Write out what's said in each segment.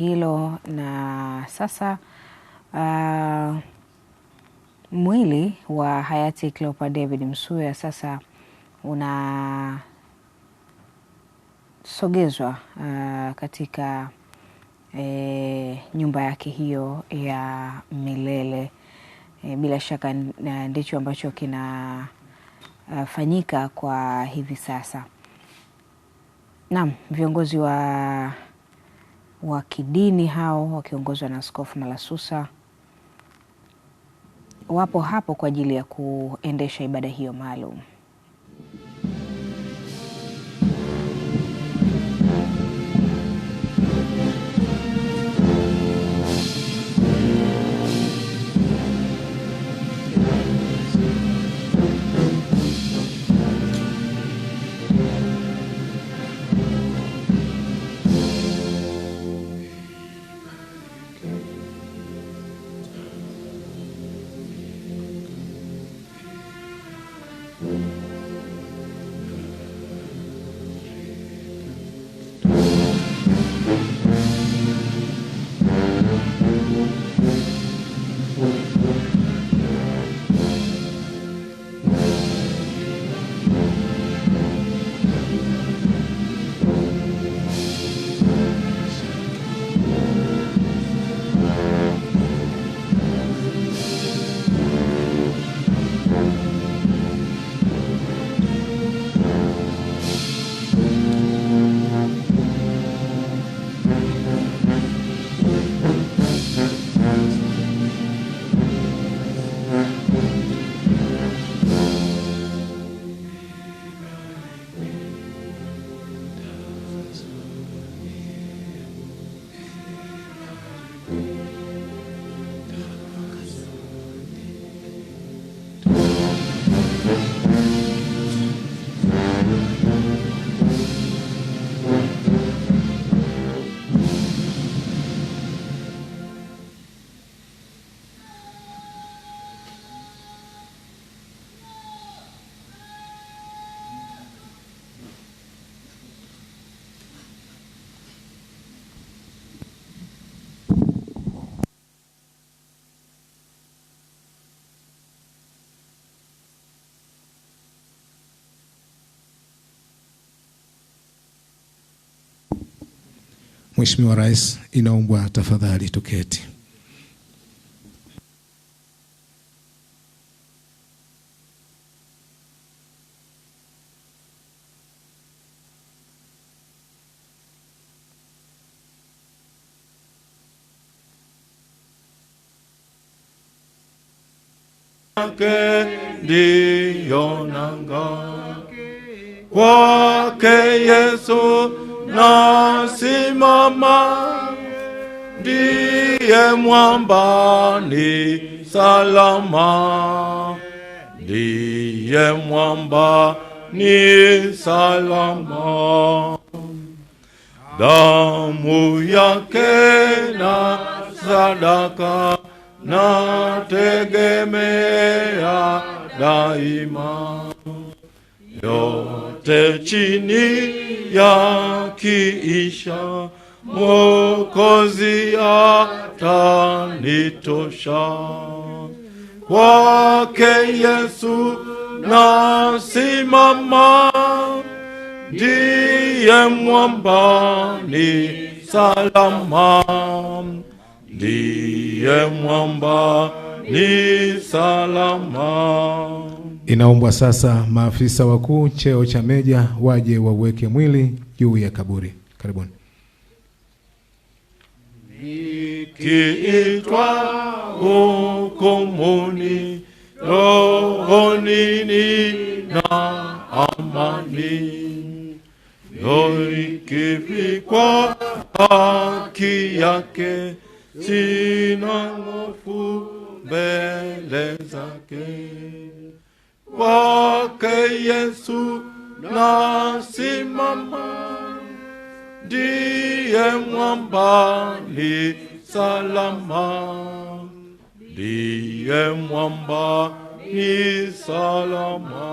hilo, na sasa uh, mwili wa hayati Cleopa David Msuya sasa unasogezwa uh, katika e, nyumba yake hiyo ya milele e, bila shaka ndicho ambacho kinafanyika uh, kwa hivi sasa. Naam, viongozi wa wa kidini hao wakiongozwa na Askofu Malasusa wapo hapo kwa ajili ya kuendesha ibada hiyo maalum. Thank you. Mheshimiwa Rais, inaombwa tafadhali tuketi. Kwake ndiyo nanga, kwake Yesu anasimama, ndiye mwambani salama, ndiye mwambani salama. Damu yake na sadaka na tegemea daima yo te chini yakiisha, Mwokozi atanitosha. Kwake Yesu nasimama, ndiye mwamba ni salama, ndiye mwamba ni salama Inaombwa sasa maafisa wakuu cheo cha meja waje wauweke mwili juu ya kaburi. Karibuni. Nikiitwa hukumuni, rohoni nina amani, nikivikwa haki yake, sina hofu mbele zake kwake Yesu nasimama, ndiye mwambali salama, ndiye mwambali salama.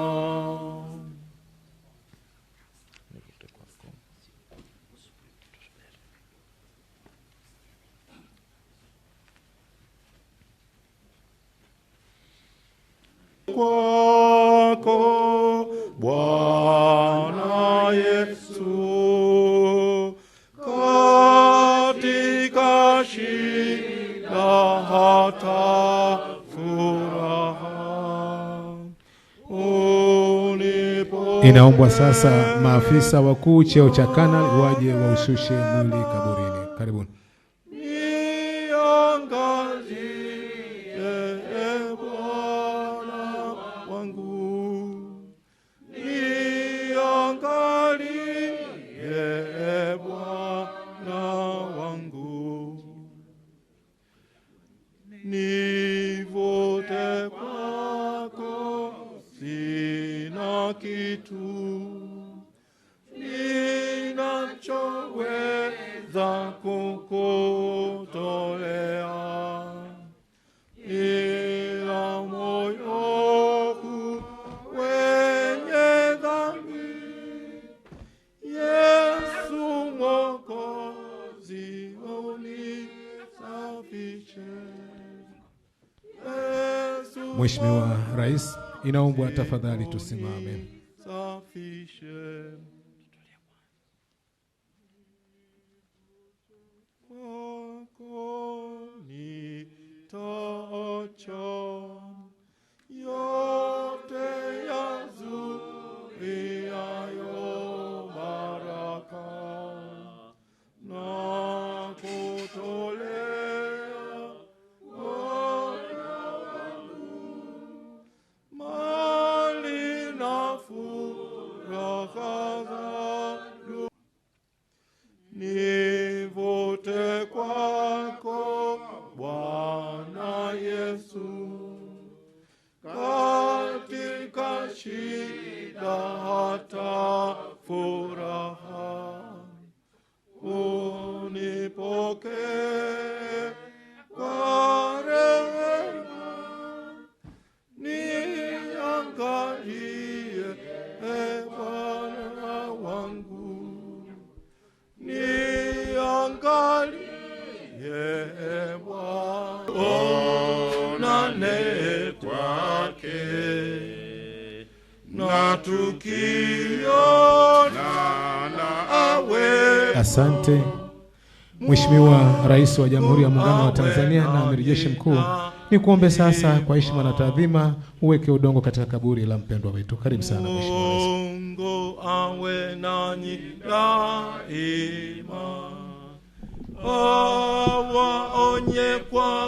Whoa wako Bwana Yesu, katika shida hata furaha. Inaombwa sasa maafisa wakuu cheo cha kanali waje waushushe mwili kaburini. Karibuni. Mheshimiwa Rais, inaombwa tafadhali tusimame. wako Bwana Yesu, katika shida hata furaha tuonane kwake na tukionana awe. Asante Mheshimiwa Rais wa Jamhuri ya Muungano wa Tanzania na Amiri Jeshi Mkuu, ni kuombe sasa kwa heshima na taadhima uweke udongo katika kaburi la mpendwa wetu. Karibu sana Rais. Mungu awe nanyi daima, awaonye kwa